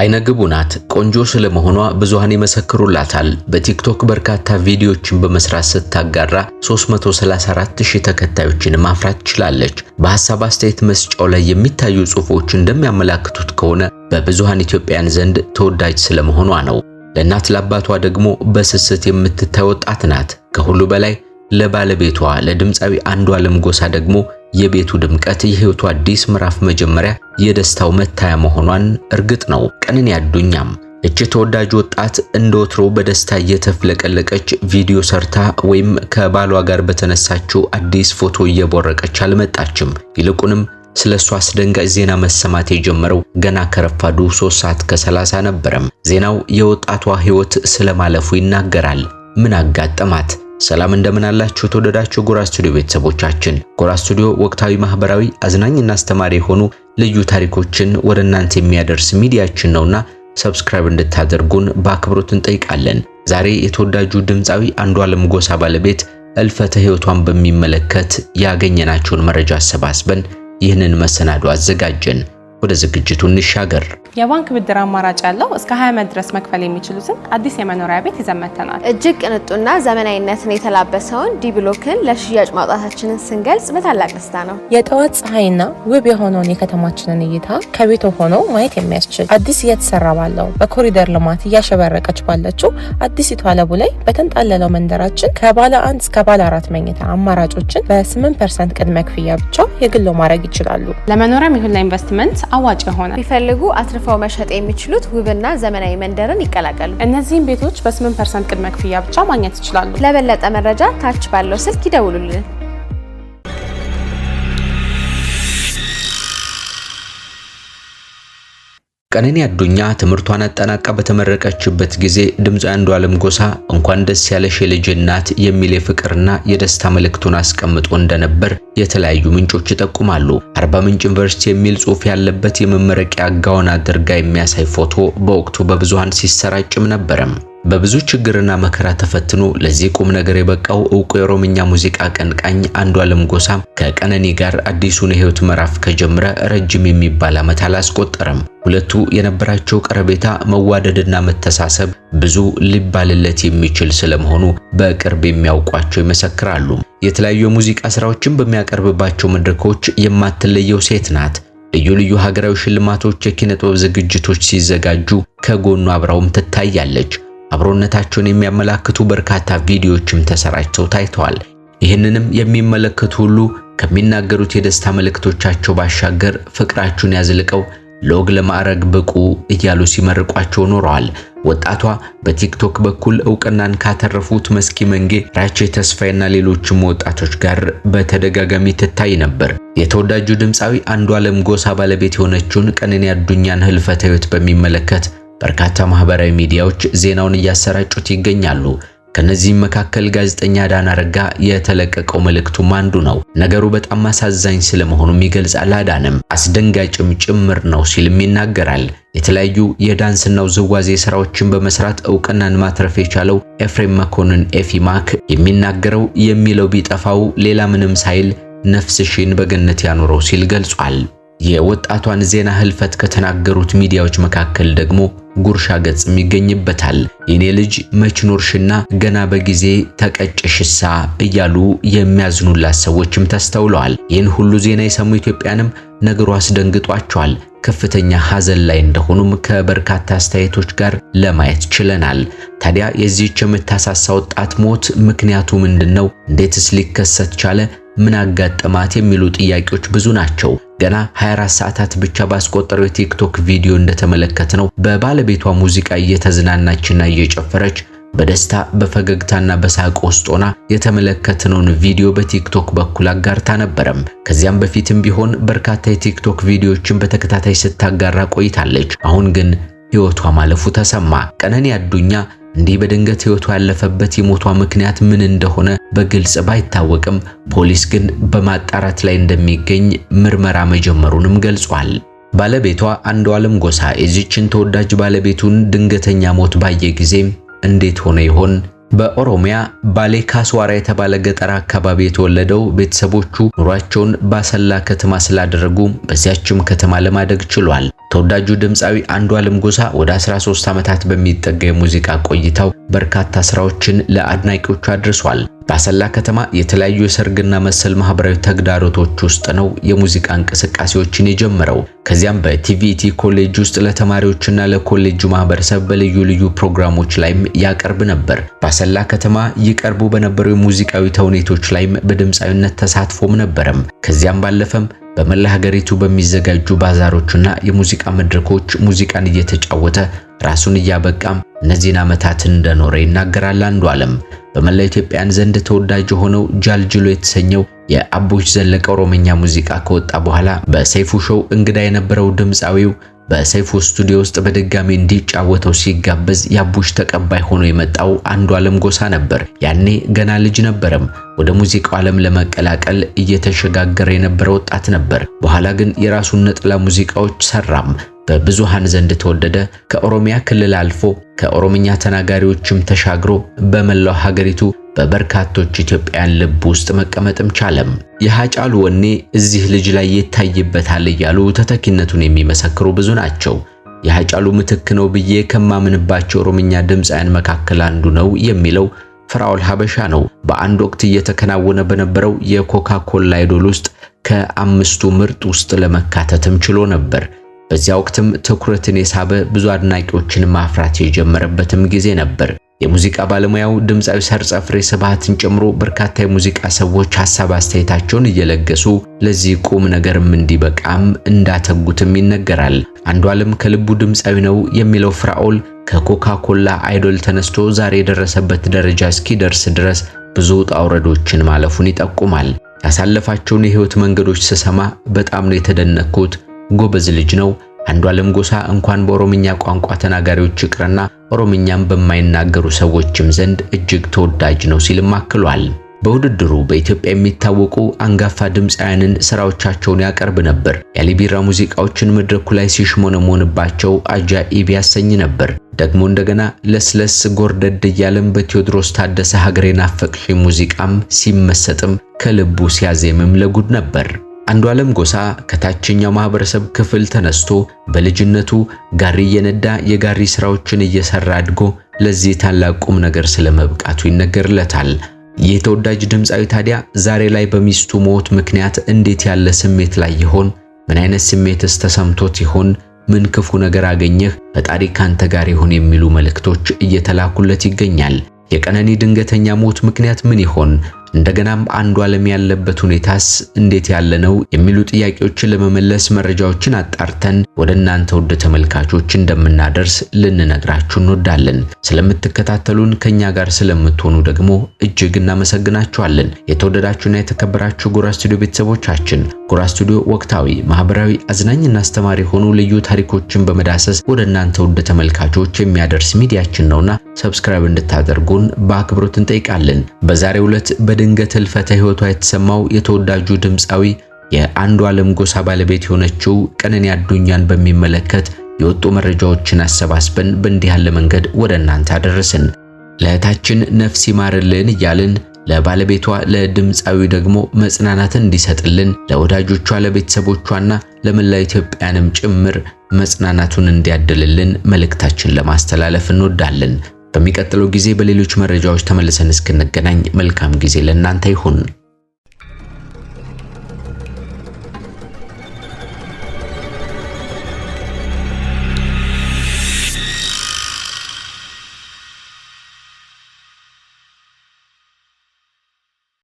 አይነ ግቡ ናት። ቆንጆ ስለመሆኗ ብዙሃን ይመሰክሩላታል። በቲክቶክ በርካታ ቪዲዮዎችን በመስራት ስታጋራ 334000 ተከታዮችን ማፍራት ችላለች። በሐሳብ አስተያየት መስጫው ላይ የሚታዩ ጽሑፎች እንደሚያመላክቱት ከሆነ በብዙሃን ኢትዮጵያን ዘንድ ተወዳጅ ስለመሆኗ ነው። ለእናት ለአባቷ ደግሞ በስስት የምትታይ ወጣት ናት። ከሁሉ በላይ ለባለቤቷ ለድምፃዊ አንዷለም ጎሳ ደግሞ የቤቱ ድምቀት የህይወቱ አዲስ ምዕራፍ መጀመሪያ የደስታው መታያ መሆኗን እርግጥ ነው። ቀንን ያዱኛም። እች ተወዳጅ ወጣት እንደ ወትሮ በደስታ እየተፍለቀለቀች ቪዲዮ ሰርታ ወይም ከባሏ ጋር በተነሳችው አዲስ ፎቶ እየቦረቀች አልመጣችም። ይልቁንም ስለ እሷ አስደንጋጭ ዜና መሰማት የጀመረው ገና ከረፋዱ 3 ሰዓት ከ30 ነበረም። ዜናው የወጣቷ ህይወት ስለማለፉ ይናገራል። ምን አጋጠማት? ሰላም እንደምን አላችሁ የተወደዳችሁ ጎራ ስቱዲዮ ቤተሰቦቻችን። ጎራ ስቱዲዮ ወቅታዊ፣ ማህበራዊ፣ አዝናኝና አስተማሪ የሆኑ ልዩ ታሪኮችን ወደ እናንተ የሚያደርስ ሚዲያችን ነውና ሰብስክራይብ እንድታደርጉን በአክብሮት እንጠይቃለን። ዛሬ የተወዳጁ ድምፃዊ አንዷለም ጎሳ ባለቤት እልፈተ ሕይወቷን በሚመለከት ያገኘናቸውን መረጃ አሰባስበን ይህንን መሰናዶ አዘጋጀን። ወደ ዝግጅቱ እንሻገር። የባንክ ብድር አማራጭ ያለው እስከ 20 ዓመት ድረስ መክፈል የሚችሉትን አዲስ የመኖሪያ ቤት ይዘመተናል። እጅግ ቅንጡና ዘመናዊነትን የተላበሰውን ዲብሎክን ለሽያጭ ማውጣታችንን ስንገልጽ በታላቅ ደስታ ነው። የጠዋት ፀሐይና ውብ የሆነውን የከተማችንን እይታ ከቤቶ ሆኖ ማየት የሚያስችል አዲስ እየተሰራ ባለው በኮሪደር ልማት እያሸበረቀች ባለችው አዲሲቷ ለቡ ላይ በተንጣለለው መንደራችን ከባለ አንድ እስከ ባለ አራት መኝታ አማራጮችን በ8 ፐርሰንት ቅድመ ክፍያ ብቻ የግሎ ማድረግ ይችላሉ። ለመኖሪያም ይሁን ለኢንቨስትመንት አዋጭ የሆነ ቢፈልጉ አትርፈው መሸጥ የሚችሉት ውብና ዘመናዊ መንደርን ይቀላቀሉ። እነዚህም ቤቶች በ8 ፐርሰንት ቅድመ ክፍያ ብቻ ማግኘት ይችላሉ። ለበለጠ መረጃ ታች ባለው ስልክ ይደውሉልን። ቀነኒ አዱኛ ትምህርቷን አጠናቃ በተመረቀችበት ጊዜ ድምፃዊ አንዷለም ጎሳ እንኳን ደስ ያለሽ የልጅ እናት የሚል የፍቅርና የደስታ መልእክቱን አስቀምጦ እንደነበር የተለያዩ ምንጮች ይጠቁማሉ። አርባ ምንጭ ዩኒቨርሲቲ የሚል ጽሑፍ ያለበት የመመረቂያ ጋውን አድርጋ የሚያሳይ ፎቶ በወቅቱ በብዙሃን ሲሰራጭም ነበረም። በብዙ ችግርና መከራ ተፈትኖ ለዚህ ቁም ነገር የበቃው እውቁ የኦሮምኛ ሙዚቃ አቀንቃኝ አንዷለም ጎሳም ከቀነኒ ጋር አዲሱን የህይወት ምዕራፍ ከጀመረ ረጅም የሚባል ዓመት አላስቆጠረም። ሁለቱ የነበራቸው ቀረቤታ፣ መዋደድና መተሳሰብ ብዙ ሊባልለት የሚችል ስለመሆኑ በቅርብ የሚያውቋቸው ይመሰክራሉ። የተለያዩ የሙዚቃ ስራዎችን በሚያቀርብባቸው መድረኮች የማትለየው ሴት ናት። ልዩ ልዩ ሀገራዊ ሽልማቶች፣ የኪነጥበብ ዝግጅቶች ሲዘጋጁ ከጎኑ አብራውም ትታያለች። አብሮነታቸውን የሚያመላክቱ በርካታ ቪዲዮዎችም ተሰራጭተው ታይተዋል። ይህንንም የሚመለከቱ ሁሉ ከሚናገሩት የደስታ መልእክቶቻቸው ባሻገር ፍቅራቸውን ያዝልቀው ለወግ ለማዕረግ ብቁ እያሉ ሲመርቋቸው ኖረዋል። ወጣቷ በቲክቶክ በኩል እውቅናን ካተረፉት መስኪ መንጌ፣ ራቼ ተስፋዬና ሌሎችም ወጣቶች ጋር በተደጋጋሚ ትታይ ነበር። የተወዳጁ ድምፃዊ ዓለም ጎሳ ባለቤት የሆነችውን ቀነኒ አዱኛን ህልፈተ ህይወት በሚመለከት በርካታ ማህበራዊ ሚዲያዎች ዜናውን እያሰራጩት ይገኛሉ። ከነዚህም መካከል ጋዜጠኛ አዳነ ረጋ የተለቀቀው መልእክቱም አንዱ ነው። ነገሩ በጣም አሳዛኝ ስለመሆኑም ይገልጻል። አዳነም አስደንጋጭም ጭምር ነው ሲልም ይናገራል። የተለያዩ የዳንስና ውዝዋዜ ስራዎችን በመስራት እውቅናን ማትረፍ የቻለው ኤፍሬም መኮንን ኤፊ ማክ የሚናገረው የሚለው ቢጠፋው ሌላ ምንም ሳይል ነፍስሽን በገነት ያኑረው ሲል ገልጿል። የወጣቷን ዜና ህልፈት ከተናገሩት ሚዲያዎች መካከል ደግሞ ጉርሻ ገጽም ይገኝበታል። የኔ ልጅ መች ኖርሽና ገና በጊዜ ተቀጭሽሳ እያሉ የሚያዝኑላት ሰዎችም ተስተውለዋል። ይህን ሁሉ ዜና የሰሙ ኢትዮጵያንም ነገሩ አስደንግጧቸዋል። ከፍተኛ ሐዘን ላይ እንደሆኑም ከበርካታ አስተያየቶች ጋር ለማየት ችለናል። ታዲያ የዚህች የምታሳሳ ወጣት ሞት ምክንያቱ ምንድነው? እንዴትስ ሊከሰት ቻለ? ምን አጋጠማት? የሚሉ ጥያቄዎች ብዙ ናቸው። ገና 24 ሰዓታት ብቻ ባስቆጠረው የቲክቶክ ቪዲዮ እንደተመለከት ነው በባለቤቷ ሙዚቃ እየተዝናናችና እየጨፈረች በደስታ በፈገግታና በሳቅ ውስጥ ሆና የተመለከትነውን ቪዲዮ በቲክቶክ በኩል አጋርታ ነበረም። ከዚያም በፊትም ቢሆን በርካታ የቲክቶክ ቪዲዮዎችን በተከታታይ ስታጋራ ቆይታለች። አሁን ግን ሕይወቷ ማለፉ ተሰማ። ቀነኒ አዱኛ እንዲህ በድንገት ህይወቱ ያለፈበት የሞቷ ምክንያት ምን እንደሆነ በግልጽ ባይታወቅም ፖሊስ ግን በማጣራት ላይ እንደሚገኝ ምርመራ መጀመሩንም ገልጿል። ባለቤቷ አንዱ ጎሳ የዚችን ተወዳጅ ባለቤቱን ድንገተኛ ሞት ባየ ጊዜ እንዴት ሆነ ይሆን? በኦሮሚያ ባሌ ካስዋራ የተባለ ገጠር አካባቢ የተወለደው ቤተሰቦቹ ኑሯቸውን ባሰላ ከተማ ስላደረጉ በዚያችም ከተማ ለማደግ ችሏል። ተወዳጁ ድምፃዊ አንዷለም ጎሳ ወደ 13 ዓመታት በሚጠጋ የሙዚቃ ቆይታው በርካታ ስራዎችን ለአድናቂዎቹ አድርሷል። በአሰላ ከተማ የተለያዩ የሰርግና መሰል ማህበራዊ ተግዳሮቶች ውስጥ ነው የሙዚቃ እንቅስቃሴዎችን የጀመረው። ከዚያም በቲቪቲ ኮሌጅ ውስጥ ለተማሪዎችና ለኮሌጁ ማህበረሰብ በልዩ ልዩ ፕሮግራሞች ላይም ያቀርብ ነበር። በአሰላ ከተማ ይቀርቡ በነበሩ የሙዚቃዊ ተውኔቶች ላይም በድምፃዊነት ተሳትፎም ነበረም። ከዚያም ባለፈም በመላ ሀገሪቱ በሚዘጋጁ ባዛሮችና የሙዚቃ መድረኮች ሙዚቃን እየተጫወተ ራሱን እያበቃም እነዚህን ዓመታት እንደኖረ ይናገራል። አንዱ ዓለም በመላ ኢትዮጵያን ዘንድ ተወዳጅ የሆነው ጃልጅሎ የተሰኘው የአቦች ዘለቀ ኦሮመኛ ሙዚቃ ከወጣ በኋላ በሰይፉ ሾው እንግዳ የነበረው ድምፃዊው በሰይፉ ስቱዲዮ ውስጥ በድጋሚ እንዲጫወተው ሲጋበዝ የአቡሽ ተቀባይ ሆኖ የመጣው አንዱ አለም ጎሳ ነበር። ያኔ ገና ልጅ ነበረም። ወደ ሙዚቃው ዓለም ለመቀላቀል እየተሸጋገረ የነበረ ወጣት ነበር። በኋላ ግን የራሱን ነጠላ ሙዚቃዎች ሰራም። በብዙሃን ዘንድ ተወደደ። ከኦሮሚያ ክልል አልፎ ከኦሮምኛ ተናጋሪዎችም ተሻግሮ በመላው ሀገሪቱ በበርካቶች ኢትዮጵያን ልብ ውስጥ መቀመጥም ቻለም። የሃጫሉ ወኔ እዚህ ልጅ ላይ ይታይበታል እያሉ ተተኪነቱን የሚመሰክሩ ብዙ ናቸው። የሃጫሉ ምትክ ነው ብዬ ከማምንባቸው ኦሮምኛ ድምፃውያን መካከል አንዱ ነው የሚለው ፍራውል ሀበሻ ነው። በአንድ ወቅት እየተከናወነ በነበረው የኮካኮላ አይዶል ውስጥ ከአምስቱ ምርጥ ውስጥ ለመካተትም ችሎ ነበር። በዚያ ወቅትም ትኩረትን የሳበ ብዙ አድናቂዎችን ማፍራት የጀመረበትም ጊዜ ነበር። የሙዚቃ ባለሙያው ድምፃዊ ፍሬ ስብሃትን ጨምሮ በርካታ የሙዚቃ ሰዎች ሀሳብ አስተያየታቸውን እየለገሱ ለዚህ ቁም ነገርም እንዲበቃም እንዳተጉትም ይነገራል። አንዱ ዓለም ከልቡ ድምፃዊ ነው የሚለው ፍራኦል ከኮካኮላ አይዶል ተነስቶ ዛሬ የደረሰበት ደረጃ እስኪደርስ ድረስ ብዙ ውጣ ውረዶችን ማለፉን ይጠቁማል። ያሳለፋቸውን የህይወት መንገዶች ስሰማ በጣም ነው የተደነቅኩት። ጎበዝ ልጅ ነው አንዷለም ጎሳ እንኳን በኦሮምኛ ቋንቋ ተናጋሪዎች ይቅርና ኦሮምኛም በማይናገሩ ሰዎችም ዘንድ እጅግ ተወዳጅ ነው ሲልም አክሏል። በውድድሩ በኢትዮጵያ የሚታወቁ አንጋፋ ድምፃውያንን ስራዎቻቸውን ያቀርብ ነበር። ያሊቢራ ሙዚቃዎችን መድረኩ ላይ ሲሽሞነሞንባቸው አጃኢብ ያሰኝ ነበር። ደግሞ እንደገና ለስለስ ጎርደድ እያለም በቴዎድሮስ ታደሰ ሀገሬ ናፈቅሽ ሙዚቃም ሲመሰጥም ከልቡ ሲያዜምም ለጉድ ነበር። አንዷለም ጎሳ ከታችኛው ማህበረሰብ ክፍል ተነስቶ በልጅነቱ ጋሪ እየነዳ የጋሪ ስራዎችን እየሰራ አድጎ ለዚህ ታላቅ ቁም ነገር ስለመብቃቱ ይነገርለታል። ይህ ተወዳጅ ድምፃዊ ታዲያ ዛሬ ላይ በሚስቱ ሞት ምክንያት እንዴት ያለ ስሜት ላይ ይሆን? ምን አይነት ስሜትስ ተሰምቶት ይሆን? ምን ክፉ ነገር አገኘህ? ፈጣሪ ካንተ ጋር ይሁን የሚሉ መልእክቶች እየተላኩለት ይገኛል። የቀነኒ ድንገተኛ ሞት ምክንያት ምን ይሆን? እንደገናም አንዱ ዓለም ያለበት ሁኔታስ እንዴት ያለ ነው የሚሉ ጥያቄዎችን ለመመለስ መረጃዎችን አጣርተን ወደ እናንተ ውድ ተመልካቾች እንደምናደርስ ልንነግራችሁ እንወዳለን። ስለምትከታተሉን ከኛ ጋር ስለምትሆኑ ደግሞ እጅግ እናመሰግናችኋለን። የተወደዳችሁና የተከበራችሁ ጎራ ስቱዲዮ ቤተሰቦቻችን፣ ጎራ ስቱዲዮ ወቅታዊ፣ ማህበራዊ፣ አዝናኝና አስተማሪ የሆኑ ልዩ ታሪኮችን በመዳሰስ ወደ እናንተ ውድ ተመልካቾች የሚያደርስ ሚዲያችን ነውና ሰብስክራይብ እንድታደርጉን በአክብሮት እንጠይቃለን። በዛሬው ዕለት በ በድንገት ህልፈተ ህይወቷ የተሰማው የተወዳጁ ድምፃዊ የአንዱ ዓለም ጎሳ ባለቤት የሆነችው ቀነኒ አዱኛን በሚመለከት የወጡ መረጃዎችን አሰባስበን በእንዲህ ያለ መንገድ ወደ እናንተ አደረስን። ለእህታችን ነፍስ ይማርልን እያልን ለባለቤቷ ለድምፃዊ ደግሞ መጽናናትን እንዲሰጥልን ለወዳጆቿ ለቤተሰቦቿና ለመላ ኢትዮጵያንም ጭምር መጽናናቱን እንዲያድልልን መልእክታችን ለማስተላለፍ እንወዳለን። በሚቀጥለው ጊዜ በሌሎች መረጃዎች ተመልሰን እስክንገናኝ መልካም ጊዜ ለእናንተ ይሁን።